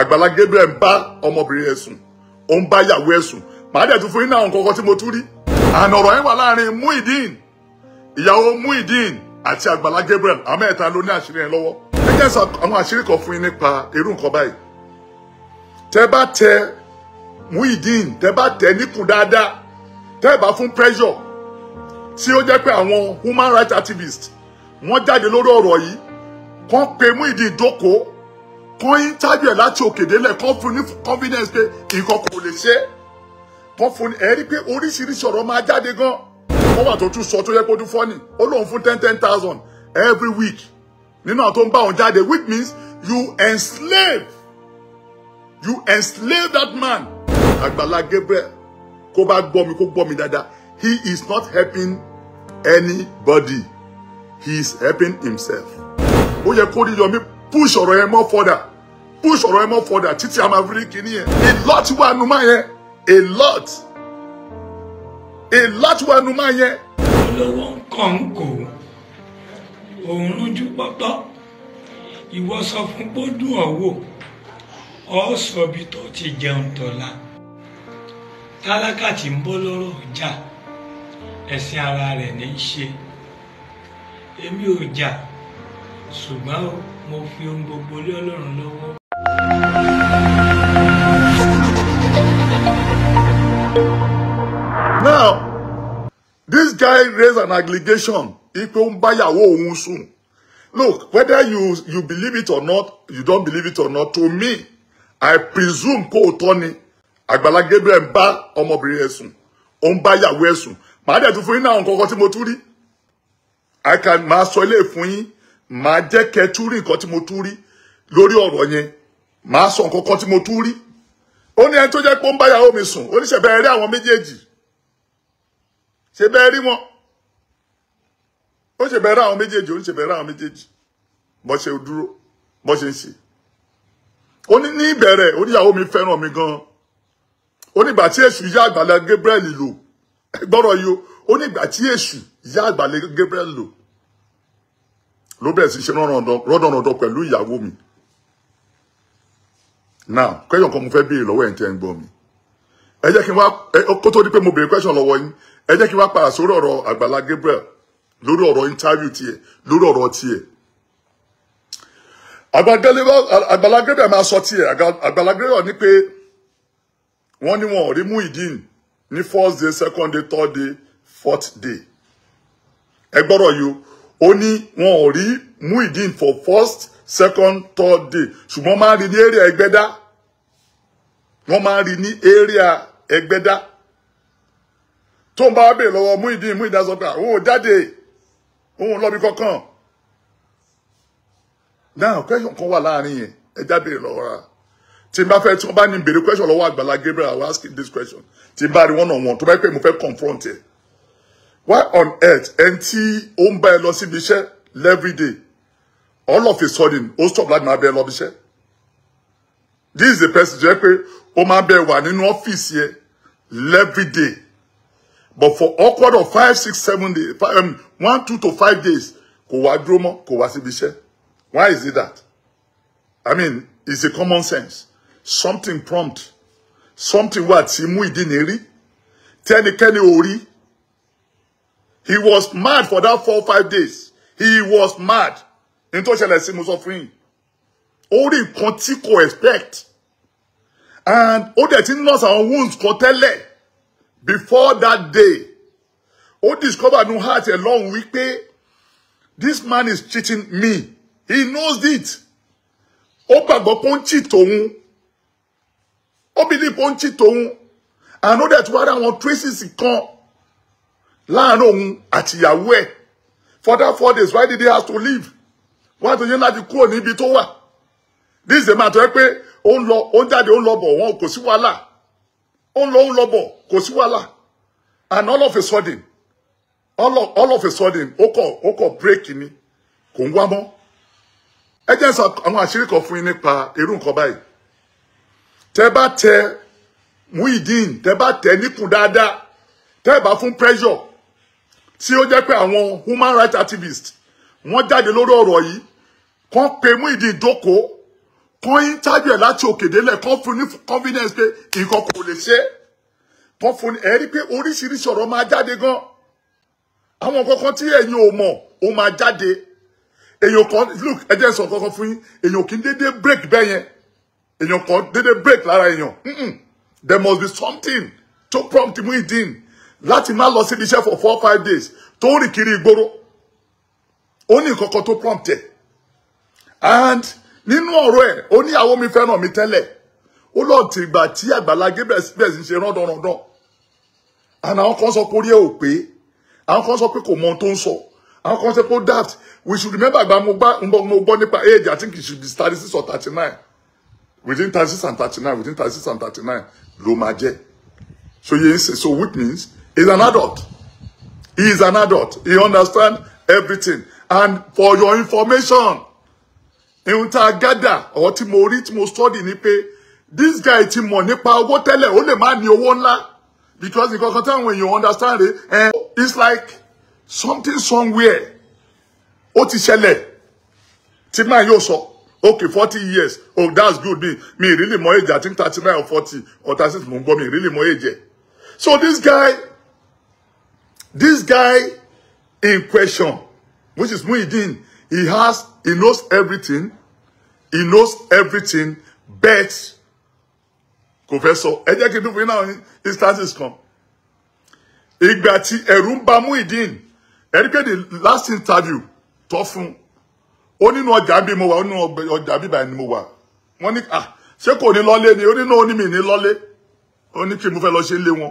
àgbàlá Gabriel ń bá ọmọbìnrin ẹ̀ sùn ó ń bá ìyàwó ẹ̀ sùn màá dẹ̀ tún fún yín náà nǹkan kan tí mo tún rí àná ọ̀rọ̀ yẹn wà láàrin Muyideen ìyàwó muidin àti àgbàlá Gabriel àmẹ́ẹ̀ta ló ní àṣírí yẹn lọ́wọ́ ẹ jẹ́ sọ àwọn àṣírí kan fún yín nípa irú nǹkan báyìí tẹ bá tẹ Muyideen tẹ bá tẹ níkùn dáadáa tẹ bá fún pressure tí ó jẹ́ pé àwọn human rights activists wọ́n jáde lórí ọ̀rọ̀ yìí kàn pé Muyideen jókòó kọ́ interview ẹ̀ láti òkè délẹ̀ kọ́ fún ní confidence pé nǹkan kò lè ṣe kọ́ fún ẹ̀ rí pé oríṣiríṣi ọ̀rọ̀ máa jáde gan wọ́n wà tó tún sọ tó yẹ kó tún fọ́ọ̀nì ó lóun fún ten ten thousand every week nínú àwọn tó ń bá òun jáde which means you enslave you enslave that man Àgbàlá Gabriel kó bá gbọ́ mi kó gbọ́ mi dáadáa he is not helping anybody he is helping himself ó yẹ kó rí yọmí push ọ̀rọ̀ yẹn more further. push ọ̀rọ̀ yẹn more further. títí a máa fi rí kinní yẹn a lot wà nù máa yẹn a lot a lot wà nù máa yẹn. olówó nǹkan ń kò òun lójú pọ́pọ́ ìwọ sọ fún gbódùn ọ̀wọ́ ọ sọ bí tó ti jẹun tọ́lá tálákà tí ń bọ́ lọ́rọ̀ jà ẹ̀sìn ara rẹ̀ ní í ṣe èmi ò jà ṣùgbọ́n o mo fi ohun gbogbo lé ọlọ́run lọ́wọ́. now this guy raised an allegation ipe ó ń báyàwó òun sùn look whether you you believe it or not you don't believe it or not to me i presume kó o tọ́ ni Àgbàlá Gabriel ń bá ọmọbìnrin ẹ̀ sùn ó ń bá màá dẹ̀ tún fún yín náà nǹkan kan tí mo tún rí i can máa sọ ilé fún yín màá jẹ́ kẹ́ tú rí nǹkan tí mo tú rí lórí ọ̀rọ̀ yẹn màá sọ nǹkan kan tí mo tú rí ó ní ẹni tó jẹ́ pé ó ń bá ìyàwó mi sùn ó ní ṣe bẹ́ẹ̀ rí àwọn méjèèjì ṣe bẹ́ẹ̀ rí wọn ó ṣe bẹ́ẹ̀ rí àwọn méjèèjì ó ń ṣe rí àwọn méjèèjì bó ṣe dúró bó ṣe ń ṣe ó ní ní ìbẹ̀rẹ̀ ó ní ìyàwó mi fẹ́ràn mi gan ó ní ìgbà tí èṣù yá àgbàlá Gabriel lò gbọ́rọ̀ yìí ó ní ìgbà tí èṣù yá àgbàlá Gabriel lò lọ bẹ̀rẹ̀ sí ṣe rọ́dọ̀rọ̀dọ̀ pẹ̀lú ìyàwó mi now kẹ́yọ̀ kan mo fẹ́ béèrè lọ́wọ́ ẹ̀ ń tẹ́ ń gbọ́ mi ẹ jẹ́ kí n wá kó tó di pé mo béèrè question lọ́wọ́ yín ẹ jẹ́ kí n wá ọ̀rọ̀ Àgbàlá Gabriel lórí ọ̀rọ̀ interview tiẹ̀ lórí ọ̀rọ̀ tiẹ̀ Àgbàlá Gabriel máa sọ tiẹ̀ Àgbàlá Gabriel ní pé wọ́n ní wọn ò rí Muyideen ní first day second day third day fourth day ẹ yìí o ó ní wọn ò rí Muyideen for first second third day ṣùgbọ́n máa ń rí ní area ẹgbẹ́dá wọ́n máa ń rí ní area ẹgbẹ́dá tó ń bá bèè lọ́wọ́ Muyideen Muyideen sọ pé àwọn ah, ò jáde òun lọ́bi kankan náà question kan wà láàrin yẹn ẹja bèèrè lọ́wọ́ ra tí n bá fẹ́ tí wọ́n bá ní bèrè question lọ́wọ́ Àgbàlá Gabriel I ask this question tí n bá rí one on one tó bá pẹ́ mo fẹ́ confront ẹ̀ why on earth ẹni tí ó ń bá ẹ lọ every day all of a sudden ó stop láti máa bẹ ẹ lọ bí this is the person jẹ́ pé ó máa bẹ wà nínú ọ́fíìsì ẹ every day but for awkward of five six seven days five, um, one two to five days kò wá dúró mọ́ kò wá síbi iṣẹ́ why is it that i mean it's a common sense something prompt something what? tí mú ìdí ní rí tẹ́nikẹ́ni ò He was mad for that four or five days. He was mad. Ní tó ṣẹlẹ̀ sí mo sọ expect. And all the ti and wounds kan before that day. Ó discover no heart a long lọ́hùn pay. this man is cheating me. He knows it. Opa go pé ó ń cheat òun. Ó believe pé ó ń cheat òun. And ó dẹ̀ ti wá rí àwọn láàárín òun àtìyàwó ẹ̀ for that four days why did he have to leave wọ́n ti yín láti kúrò níbi tó wà this is a matter ẹ pé ó ń lọ ó ń jáde ó ń lọ bọ̀ wọn kò sí wàhálà ó ń lọ ó ń lọ bọ̀ kò sí wàhálà and all of a sudden all of, all of a sudden ó kọ ó kọ break ni kò ń wá mọ́ ẹ jẹ́ sọ àwọn àṣírí kan fún yín nípa irú nǹkan báyìí tẹ bá tẹ Muyideen tẹ bá tẹ níkùn dáadáa tẹ bá fún pressure tí ó jẹ́ pé àwọn human rights activists wọ́n jáde lórí ọ̀rọ̀ yìí kán pe Muyideen Doko kán interview ẹ̀ láti òkè délẹ̀ kán fún ní confidence pé nǹkan kò lè ṣe kán fún ẹ rí pé oríṣiríṣi ọ̀rọ̀ máa jáde gan àwọn kankan tí ẹ̀yin ò mọ̀ ó máa jáde èèyàn kan look ẹ jẹ́ sọ kankan fún yín èèyàn kì í dédé break bẹ́ẹ̀ yẹn èèyàn kan dédé break lára èèyàn there must be something to prompt mu Muyideen láti má lọ síbi iṣẹ́ for four or five days tó ń rìn kiri ìgboro ó ní nǹkan kan tó prompt ẹ̀ and nínú ọ̀rọ̀ ẹ̀ ó ní àwọn mi fẹ́ràn mi tẹ́lẹ̀ ó lọ ti ìgbà tí Àgbàlá Gabriel bẹ̀rẹ̀ sí ṣe rándanrandan and àwọn kan sọ pé orí ẹ̀ ò pé àwọn kan sọ pé kò mọ ohun tó ń sọ àwọn kan sọ pé ó daft we should remember gba mo gbọ́ nípa age I think it should be thirty six or thirty nine within thirty six and thirty nine within thirty six and thirty nine ló máa jẹ́ so yẹn ṣe so which means He's an adult. He is an adult. He understands everything. And for your information, ihun tá a gádà ọ̀rọ̀ study ni this guy ti mọ̀ nípa owó tẹ́lẹ̀ ó lè má ní owó ńlá because nǹkan kan when you understand it. eh, it's like something somewhere Otishele, ti yoso. okay forty years oh that's good me me really mọ èjì àti thirty nine or forty or thirty six me really more èjì so this guy This guy in question, which is Muhyiddin, he has, he knows everything. He knows everything, but Professor, ẹ jẹ́ kí n dún fún yín náà instances kan. ba Muhyiddin, ẹni pé the last interview tofun. fún, ó nínú mowa, bí mo wà, ó mowa. ọjà ah, ni mo wà. Wọ́n ní à ah, ṣé kò ní lọ́lé ni, ó nínú onímì ní lọ́lé, ó ní kí mo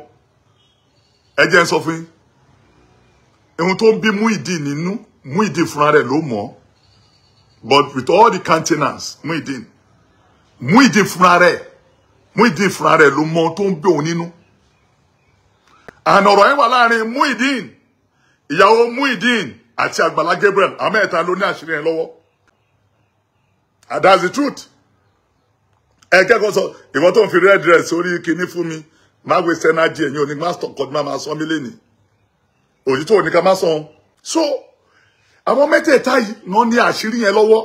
fẹ́ ohun tó ń bí Muyideen nínú Muyideen fúnra rẹ̀ ló mọ̀ but with all the countenance Muyideen Muyideen fúnra rẹ̀ Muyideen fúnra rẹ̀ ló mọ̀ ohun tó ń bí òun nínú àná ọ̀rọ̀ yẹn wà láàrin Muyideen ìyàwó Muyideen àti Àgbàlá Gabriel àmẹ́ta ló ní àṣírí yẹn lọ́wọ́ and that's the truth ẹ kẹ́kọ̀ọ́ sọ ìwọ́n tó ń fi red dress sórí kinní fún mi má waste energy ẹ̀yìn òní má stop kọ́dúnmá má sọ́mílẹ̀ òyìntó ní ká má san so àwọn mẹ́tẹ̀ẹ̀ta yìí wọ́n ní àṣírí yẹn lọ́wọ́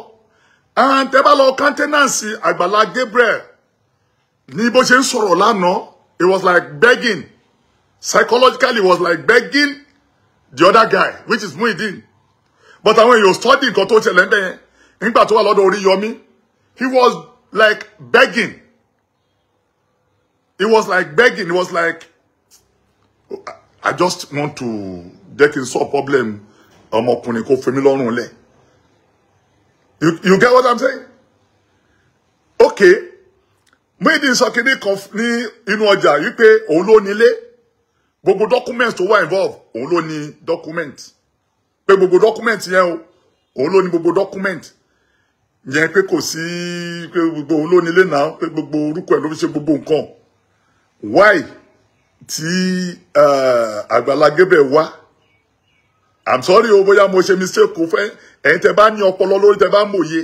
àwọn tẹ́ bá lọ kọ́ńtẹ́nàǹsì Àgbàlá Gabriel ní bó ṣe ń sọ̀rọ̀ it was like begging psychologically it was like begging the other guy which is Muidin. but àwọn èèyàn study nǹkan tó ṣẹlẹ̀ ńbẹ̀ yẹn nígbà tó wà lọ́dọ̀ Oríyọmí he was like begging It was like begging It was like I just want to jẹ́ kí solve problem ọmọkùnrin kò fẹ́ mi You, you get what I'm saying? Okay. Méjì sọ kíní kan ní inú ọjà wípé òun ló nílé. Gbogbo document tó wà involve òun document. Pé gbogbo document yẹn o, òun document. Yẹn pé kò sí pé gbogbo òun ló nílé náà pé gbogbo orúkọ Why? tí uh Gabriel wá i'm sorry o bóyá mo ṣe mistake kò fẹ́ ẹ̀yin tẹ́ bá ní ọpọlọ lórí tẹ́ bá mòye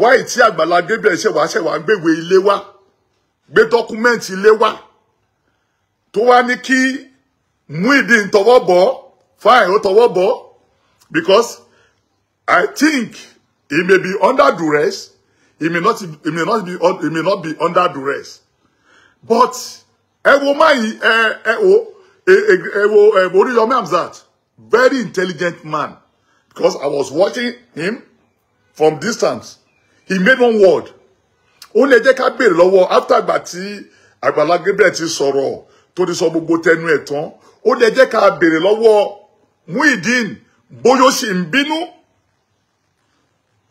wáì tí Àgbàlá Gabriel ṣẹ̀wá ṣẹ̀wá gbéwèé ilé wá gbé dọ́kúmẹ́ǹtì ilé wá tó wá ní kí Muyideen tọwọ́ bọ̀ fine ó tọwọ́ because i think he may be under duress he may not he may not be he may not be under duress but ẹ wo máyì ẹ ẹ wo ẹ wo ẹ Oríyọmí very intelligent man because I was watching him from distance he made one word ó lè jẹ́ ká béèrè lọ́wọ́ after àgbà tí Àgbàlá Gabriel ti sọ̀rọ̀ tó ti sọ gbogbo tẹnu ẹ̀ tán ó lè jẹ́ ká béèrè lọ́wọ́ Muyideen bóyá ó sì ń bínú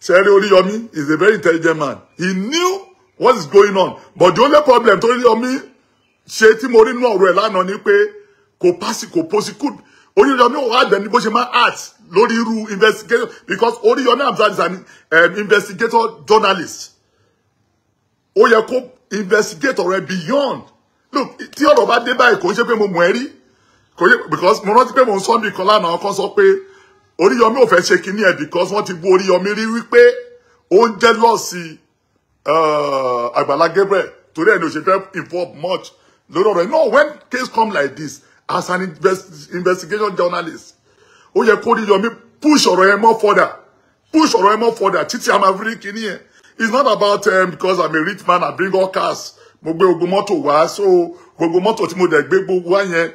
is a very intelligent man he knew what is going on but the only problem tó Oríyọmí ṣe tí mo rí nínú ọ̀rọ̀ ẹ̀ lánàá ni pé kò pasi kò prosecute Oríyọmí ò wá dẹ̀ ní bó ṣe máa act lórí irú investigation because Oríyọmí Hamzat is um, investigator journalist ó yẹ kó investigate ọ̀rọ̀ beyond look tí ọ̀rọ̀ bá dé báyìí kò ń ṣe pé mo mọ̀ ẹ́ rí kò yẹ because mo rántí pé mo ń sọ ní ìkan lánàá kan sọ pé Oríyọmí ò fẹ́ ṣe kinní ẹ̀ because wọ́n ti bu Oríyọmí rí wípé ó ń jẹ́ lọ́ọ̀sì uh, Àgbàlá torí ẹ̀ ò ṣe fẹ́ involve much lórí ọ̀rọ̀ no when case come like this as an investigation journalist ó yẹ kó rí Yomi push ọ̀rọ̀ yẹn mọ́ further push ọ̀rọ̀ yẹn mọ́ further títí a máa fi rí kinní yẹn it's not about um, because i'm a rich man i bring all cars mo gbé gbogbo mọ́tò wá so gbogbo mọ́tò tí mo dẹ̀ gbé gbogbo wá yẹn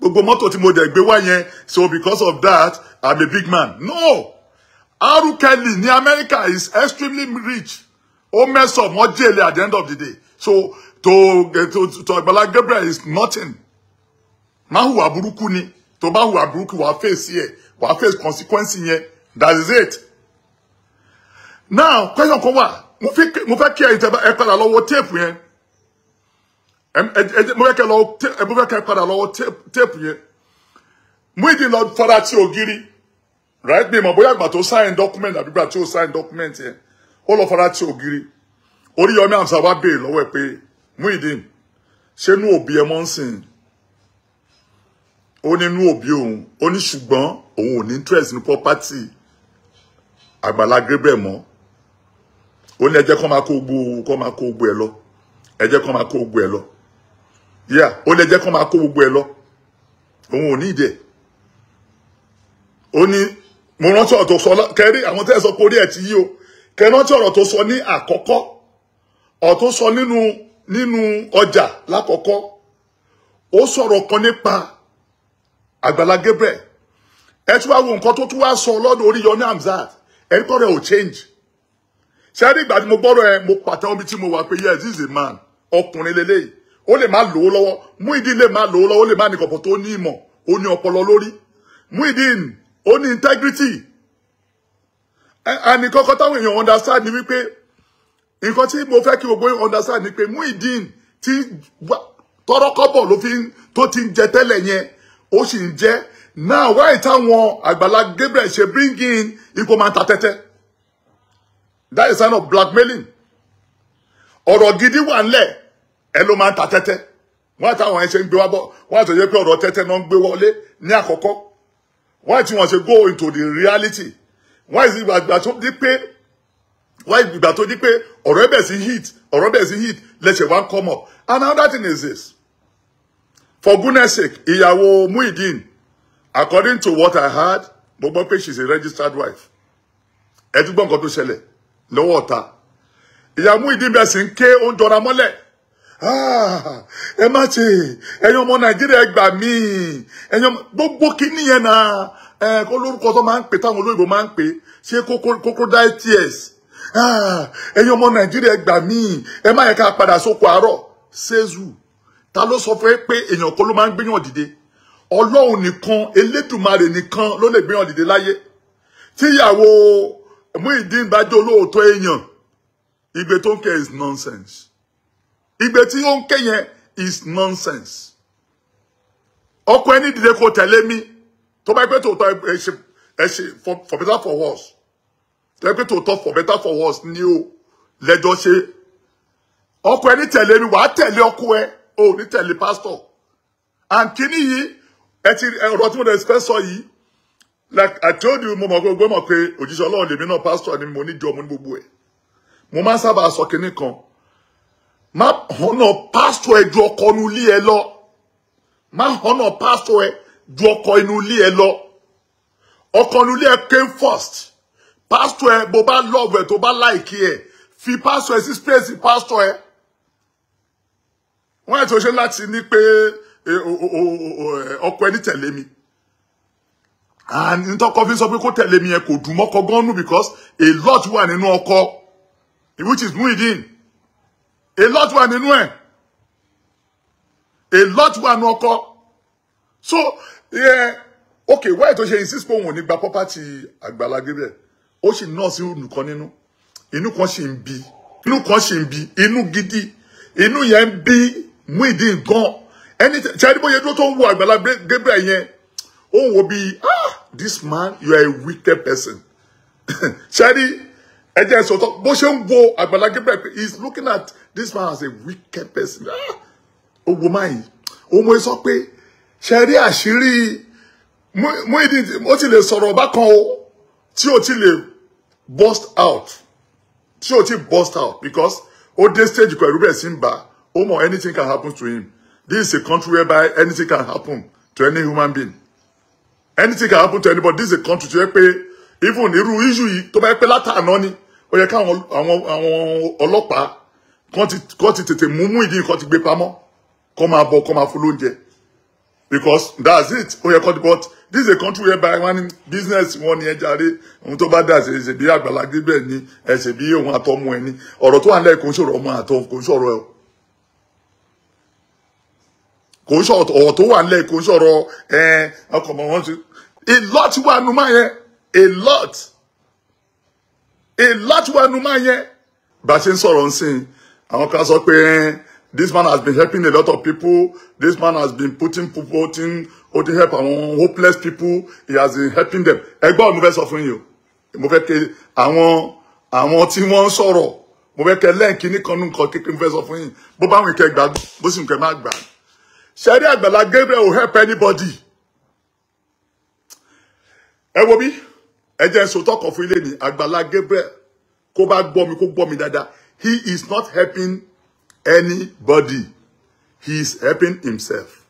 gbogbo mọ́tò tí mo dẹ̀ gbé wá yẹn so because of that i'm a big man no Aru Kelly ní America is extremely rich ó mess up wọ́n jèlé at the end of the day so to, to, to Gabriel is nothing. Má hùwà burúkú ni. to bá hùwà burúkú wa face here wa face consequence That is it. Now, question kan wà. Mo fẹ́ mo fẹ́ kí tape yẹn. lọ mo fẹ́ kẹ́ padà lọ́wọ́ Right sign document àbí ìgbà tí sign document here Ó lọ fara ti ogiri ori Muideen ṣé inú òbí ẹ mọ́ ń sìn ó ní inú òbí òun ó ní ṣùgbọ́n òun ò ní interest ní property Àgbàlá Gabriel mọ́ ó ní ẹ jẹ́ kó máa kó gbogbo kó máa kó gbogbo ẹ lọ ẹ jẹ́ kó máa kó gbogbo ẹ lọ yíyà ó ní ẹ jẹ́ kó máa kó gbogbo ẹ lọ òun ò ní ìdí ẹ̀ ó ní mo rántí ọ̀rọ̀ tó sọ kẹrí àwọn tẹ́ ẹ sọ pé ti yí o kẹrántí ọ̀rọ̀ tó sọ ní àkọ́kọ́ ọ̀rọ̀ tó sọ nínú nínú ọjà lákọ̀ọ́kọ́ ó sọ̀rọ̀ kan nípa Àgbàlá Gabriel ẹ tún wá wo nǹkan tó tún wá sọ lọ́dọ̀ Oríyọmí Hamzat ẹni kọ́ rẹ̀ ò change ṣe é nígbà tí mo gbọ́rọ̀ ẹ mo pàtàkì omi tí mo wà pé yes this is a man ọkùnrin lélẹ́yìí ó lè má lówó lọ́wọ́ Muyideen lè má lówó lọ́wọ́ ó lè má ní kọ̀pọ̀ tó ní ìmọ̀ ó ní ọpọlọ lórí Muyideen ó ní integrity ẹnì kọ́kọ́ táwọn èèyàn understand ni wípé nǹkan tí mo fẹ́ kí gbogbo yín understand ni pé Muyideen tí tọrọkọ́bọ̀ ló fi tó ti ń jẹ tẹ́lẹ̀ yẹn ó sì ń jẹ́ now why táwọn Àgbàlá Gabriel ṣe bring in ipò máa ta tẹ́tẹ́ that is sign of blackmailing ọ̀rọ̀ gidi wà ńlẹ̀ ẹ ló máa ń ta tẹ́tẹ́ wọ́n àtàwọn ẹ̀ṣẹ̀ ń gbé wá bọ̀ wọ́n àtọ̀jẹ́ pé ọ̀rọ̀ tẹ́tẹ́ náà ń gbé wọlé ní àkọ́kọ́ wọ́n àti wọ́n ṣe go into the reality wọ́n àti ìgbà tó di pé ọ̀rọ̀ ẹ̀bẹ̀ sí hit ọ̀rọ̀ ẹ̀bẹ̀ sí hit lẹ́sẹ̀ one come up and another thing is this for goodness sake ìyàwó Muyideen according to what I heard mo gbọ́ is a registered wife Edubon got to sell it. No water. ọ̀tá ìyàwó Muyideen bẹ̀ sí ń ké ó ń jọra mọ́lẹ̀ ah, ẹ má ṣe ẹ̀yin ọmọ nàìjíríà gbà mí ẹ̀yin gbogbo kínní yẹn náà ẹ kó lórúkọ tó máa ń pè táwọn olóyìnbó máa ń pè tears Ah, ẹ̀yin ọmọ nàìjíríà gbà mí ẹ má yẹ ká padà sóko àárọ̀ ṣézù ta ló sọ fún ẹ pé èèyàn kan ló máa ń gbéyàn dìde ọlọ́run nìkan elédùmarè nìkan ló lè gbéyàn dìde láyé tíyàwó Muyideen bá jẹ́ olóòótọ́ èèyàn igbe tó ń kẹ́ is nonsense igbe tí ó ń kẹ́ yẹn is nonsense ọkọ ẹni dìde kò tẹ̀lé mi tó bá pẹ́ tòótọ́ ẹ ṣe for better for worse tẹ́ pé tòótọ́ for better for worse ni o lẹ́jọ́ ṣe ọkọ ẹ ní tẹ̀lé mi wàá tẹ̀lé ọkọ ẹ o ní tẹ̀lé pásítọ̀ àǹkíní yìí ẹ ti ọ̀rọ̀ tí mo dẹ̀ fẹ́ sọ yìí like I told you mo mọ̀ pé gbọ́mọ̀ pé òjíṣẹ́ ọlọ́run lèmi náà pastor, ni mo níjọ mo ní gbogbo ẹ̀ mo máa ń sábà sọ kinní kan má hànà pásítọ̀ ẹ ju ọkọ inú ilé ẹ lọ má hànà pásítọ̀ ẹ ju ọkọ inú ilé ẹ lọ ọkọ inú ilé ẹ came first. Pastor, ẹ bó bá lọ́ọ̀bù ẹ tó bá láìkí ẹ fi pásítọ̀ ẹ sí space pásítọ̀ ẹ wọ́n ètò ṣe láti ní pé e, e, ọkọ ẹni tẹ̀lé mi and ntọ́kọ fi sọ pé kó tẹ̀lé mi yẹn kò dùn mọ́kọ gan nù because a lot wà nínú ọkọ which is Muyideen a lot wà nínú ẹ̀ a lot wà nínú ọkọ so yeah, okay wọ́n ètò ṣe insist pé òun ò ní gba property Àgbàlá Gabriel ó sì náà sí olùkọ́ nínú inú kan sì ń bi inú kan sì ń bi inú gidi inú yẹn ń bí Muyideen gan ẹni tí a ní bóyá dúró tó ń wo Àgbàlá Gabriel yẹn ó ń wo bí ah this man you are a wicked person ṣẹ́rí ẹ̀jẹ̀ sọ̀tọ̀ bó ṣe ń wo Àgbàlá Gabriel he is looking at this man as a wicked person ah ó wo máa yìí òun mo e sọ pé ṣẹ́rí àṣírí Muyideen ó ti lè sọ̀rọ̀ bákan o tí ó ti lè burst out tí o burst out because ó this stage you ẹ̀rú bẹ̀rẹ̀ sí ń bà anything can happen to him this is a country whereby anything can happen to any human being anything can happen to anybody this is a country where yẹ even iru issue to buy bá yẹ pé látàná ni ó yẹ káwọn àwọn àwọn ọlọ́pàá kọ́ ti tètè mú mú ìdí nǹkan ti gbé pamọ́ kọ́ máa bọ̀ kọ́ máa fún lóúnjẹ because that's it ó yẹ kọ́ but this is a country where wọ́n ní business wọn ni ẹ jàre ohun tó bá dà ṣe ṣe bí Agbala Gabriel ni ẹ ṣe bí one. àtọmọ ẹni ọ̀rọ̀ tó wà nílẹ̀ kò ń ṣòro ọmọ àtọ kò ń ṣòro ẹ kò ń ṣòro ọ̀rọ̀ tó wà nílẹ̀ kò a lot one nù máa a lot a lot one nù máa yẹn bá a ṣe ń sọ̀rọ̀ ń sìn This man has been helping a lot of people. This man has been putting people in help àwọn hopeless people. He has been helping them. Ẹgbọ́n mo fẹ́ sọ fún yín o. Mo fẹ́ ke àwọn àwọn tí wọ́n ń sọ̀rọ̀. Mo fẹ́ ke lẹ́yìn kíní kan nǹkan kékeré mo fẹ́ sọ fún yín. Bó bá wọn ke gbà bó sì ń kẹ má gbà. Ṣẹ́rí Gabriel ò help anybody. Ẹ wo bí ẹ jẹ́ sòtọ́ kan fún ilé ní Àgbàlá Gabriel kó bá gbọ́ mi kó gbọ́ mi dáadáa. He is not helping anybody he is helping himself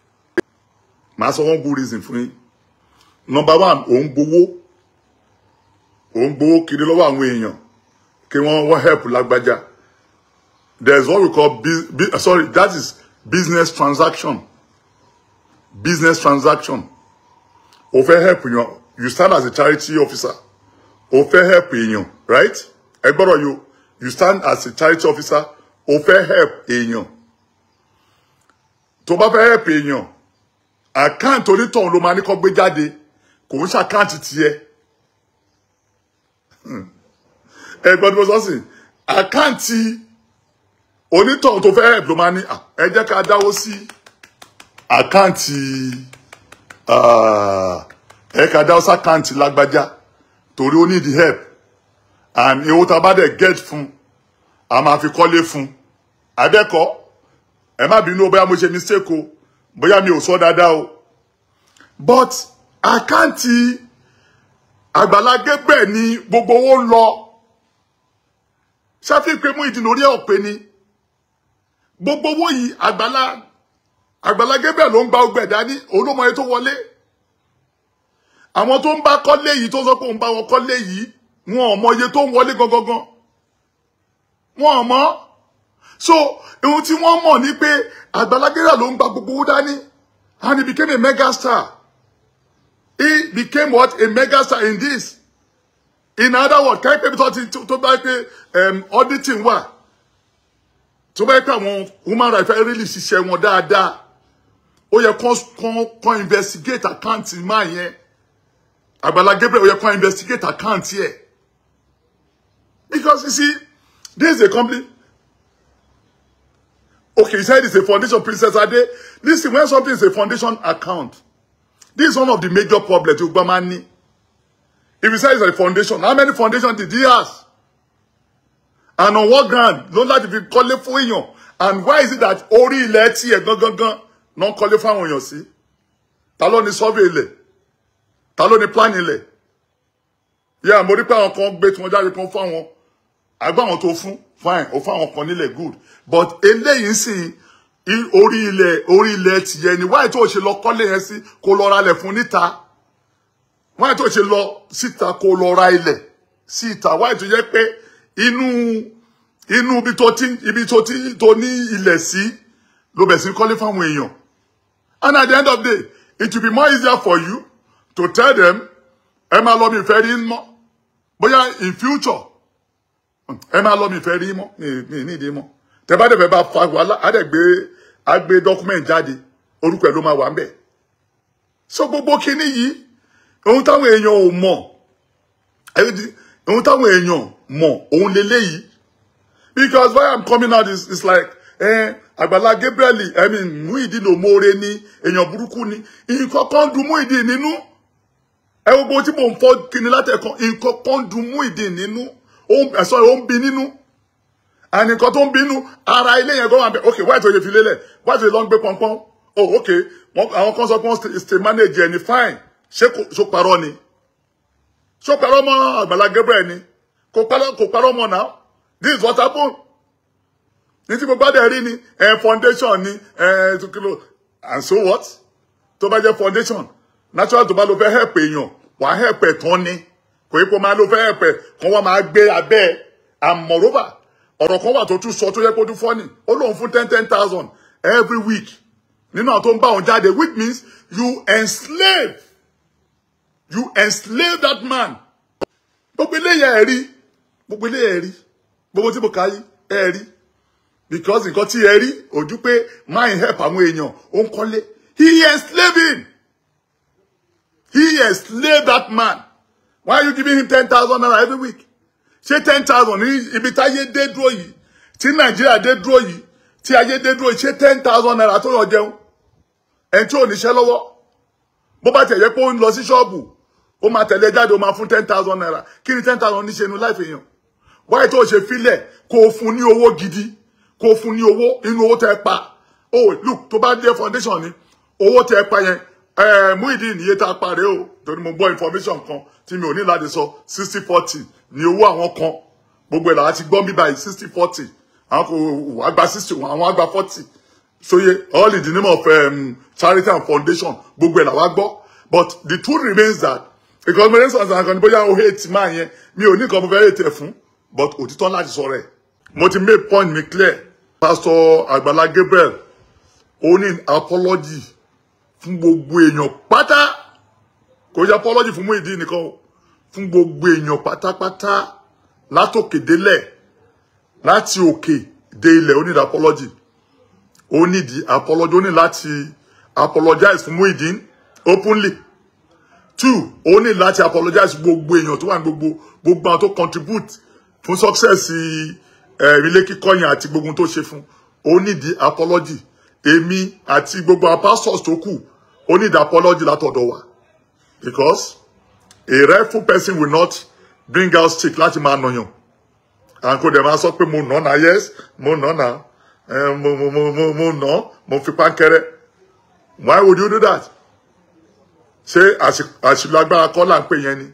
màá sọ wọn good reason fún yín number one òun gbowó òun gbowó kiri lọ́wọ́ àwọn èèyàn kí help lágbájá There's what we call sorry that is business transaction business transaction o fẹ́ help yan you stand as a charity officer o help help èèyàn right ẹ gbọ́dọ̀ yo you stand as a charity officer o fẹ́ help èèyàn tó bá fẹ́ help èèyàn àkáǹtì onítọ̀hún ló máa ní kó gbé jáde kò ń ṣàkáǹtì tiẹ̀ hmm. ẹ gbọ́dọ̀ bó sọ́sì àkáǹtì onítọ̀hún tó fẹ́ help ló máa ní ah, ẹ jẹ́ ká dáwó sí àkáǹtì ah, ẹ ká dáwó sí àkáǹtì lágbájá torí ó need help and owó tá a bá dẹ̀ get fún a máa fi kọ́lé fún un abẹ́kọ̀ ẹ má bínú o bóyá mo ṣe mistake o bóyá mi ò sọ dáadáa o but àkáǹtì Àgbàlá Gabriel ni gbogbo owó ń lọ ṣáfíìpé mú ìdìnnà orí ọ̀pẹ ni gbogbo owó yìí Àgbàlá Àgbàlá Gabriel ló ń gba ọgbẹ́ dání òun ló mọ ẹni tó wọlé àwọn tó ń bá kọ́lé yìí tó sọ pé òun bá wọn kọ́lé yìí wọn ò mọ iye tó ń wọlé gangan wọn ò mọ so ohun tí wọ́n mọ̀ ni pé Agbala Gabriel ló ń gba gbogbo owó and he became a megastar he became what a megastar in this in other words káyọ̀ pé tó bá pé um, auditing wà tó bá pé àwọn human rights fẹ́ release ṣiṣẹ́ wọn dáadáa ó yẹ kán investigate àkáǹtì máa yẹn Agbala Gabriel ó yẹ investigate àkáǹtì ẹ̀ because you see this is a company Okay, he said it's a foundation, Princess Ade. Listen, when something is a foundation account, this is one of the major problems with Ubamani. If he said it's a foundation, how many foundations did he ask? And on what ground? Don't let it call called for you. And why is it that only orí ilẹ̀ go go? gan non kọ́lé fáwọn èèyàn you. See, ló ni survey ilẹ̀? Ta ló ni plan ilẹ̀? Yeah, mo rí pé àwọn kan gbé tí wọ́n jáde kan agbáwọn tó fún fine ó fáwọn kan nílẹ̀ good but eléyìí sì orí ilẹ̀ orí ilẹ̀ tìyẹ ni wáyé tó ṣe lọ kọ́lé yẹn sí kó lọ ra ilẹ̀ fún níta wáyé tó ṣe lọ síta kó lọ ra ilẹ̀ síta wáyé tó yẹ pé inú inú ibi tó ti ibi tó ti tó ní ilẹ̀ sí ló bẹ̀ sí kọ́lé fáwọn èèyàn and at the end of day it will be more easier for you to tell them ẹ máa lọ mi ìfẹ́ rí mọ́ bóyá in future ẹ máa lọ mi fẹ́ rí mọ́ mi nídìí mọ́ tẹ bá dẹ̀ fẹ́ bá fa wàhálà á dẹ̀ gbé á gbé document jáde orúkọ ẹ̀ ló máa wà ń so gbogbo kinní yìí ohun táwọn èèyàn ò mọ̀ ohun táwọn èèyàn mọ̀ òun leléyìí because why i'm coming out is, is like eh, Àgbàlá Gabriel i mean Muyideen òmóore ni èèyàn burúkú ni nǹkan kan dùn Muyideen nínú ẹ gbogbo tí mò ń fọ́ kinní látẹ̀kọ́ nǹkan kan dùn Muyideen nínú ẹ̀sọ́ eh, ẹ̀ ó ń bi nínú ànìkan tó ń bi nínú ara ilé yẹn gan wà bẹ́ẹ̀ ok wáìtì òye fi lélẹ̀ wáìtì lọ́n gbé pọ́npọ́n o oh, ok àwọn kan sọ pé wọ́n ṣe manage ẹ̀ fine ṣé kò parọ́ ni ṣó parọ́ mọ́ Àgbàlá Gabriel ni kò parọ́ mọ́ náà this is what happen ní tí gbogbo àdé rí ni eh, foundation ni eh, tukilo and so what tó bá jẹ́ foundation natural tó bá lo fẹ́ help èèyàn wàá help ẹ̀ tán ni kò yí kó máa lo fẹ́ ẹ̀pẹ̀ kan wá máa gbé abẹ́ àmọ̀rọ́bà ọ̀rọ̀ kan wà tó tún sọ tó yẹ kó tún fọ́nì ó lóun fún ten ten thousand every week nínú àwọn tó ń bá òun jáde which means you enslave you enslave that man gbogbo eléyìí ẹ̀ rí gbogbo eléyìí ẹ̀ rí gbogbo tí mo kà yí ẹ̀ because nǹkan tí ẹ rí ojú pé máa ń help àwọn èèyàn ó ń kọ́lé he enslaving he enslaved that man Why are you giving him 10,000 naira every week? Ṣé 10,000 If ibi aye dé dúró yìí, tí Nàìjíríà dé dúró yìí, tí ayé dé dúró yìí, ṣé 10,000 naira I told you again. And ò on the Bó bá tẹ̀yẹ pé ó ń lọ sí ṣọ́ọ̀bù, ó máa tẹ̀lé jáde, ó máa fún 10,000 naira. Kí ni 10,000 ní ṣe inú láìfẹ́ èèyàn? Why tó ṣe filẹ̀ kó fún ní owó gidi, kó fún ní owó inú owó tẹ pa. Oh, look, to bad dé foundation ni, owó tẹ pa eh, Muideen iye tá a parẹ́ o torí mo gbọ́ information kan tí mi ò ní láti sọ sixty forty ni owó àwọn kan gbogbo ẹ̀ làwọn ti gbọ́ mi sixty forty àwọn kò wá gba sixty àwọn àgbà forty soye all the name of um, charity and foundation gbogbo ẹ̀ làwọn gbọ́ but the truth remains that because mo ní sọ̀rọ̀ sọ̀rọ̀ kan ní bóyá o hate máa yẹn mi ò ní nǹkan mo fẹ́ hate ẹ̀ fún but òtítọ́ láti sọ rẹ̀ mo ti make point mi clear pastor Agbala Gabriel ó ní apology fún gbogbo èèyàn kò ṣe apology fún Muyideen nìkan o fún gbogbo èèyàn pátápátà látòkè délẹ̀ láti òkè dé ilẹ̀ ó nídìí apology ó nídìí apology ó ní láti apologize fún Muyideen openly two ó ní láti apologize gbogbo èèyàn tó wà ní gbogbo gbogbo àwọn tó contribute fún success ilé eh, kíkọ́ yẹn àti gbogbo tó ṣe fún ó nídìí apology èmi àti gbogbo our pastors tó kù ó nídìí apology látọ̀dọ̀ wa because a rightful person will not bring out stick láti máa nàyàn and kò dẹ̀ máa sọ pé mo nà na yes mo nà na mo mo mo mo mo nà mo fi pánkẹ́rẹ́ why would you do that Say, ṣé àṣìlágbára kọ́ I call pè pay any.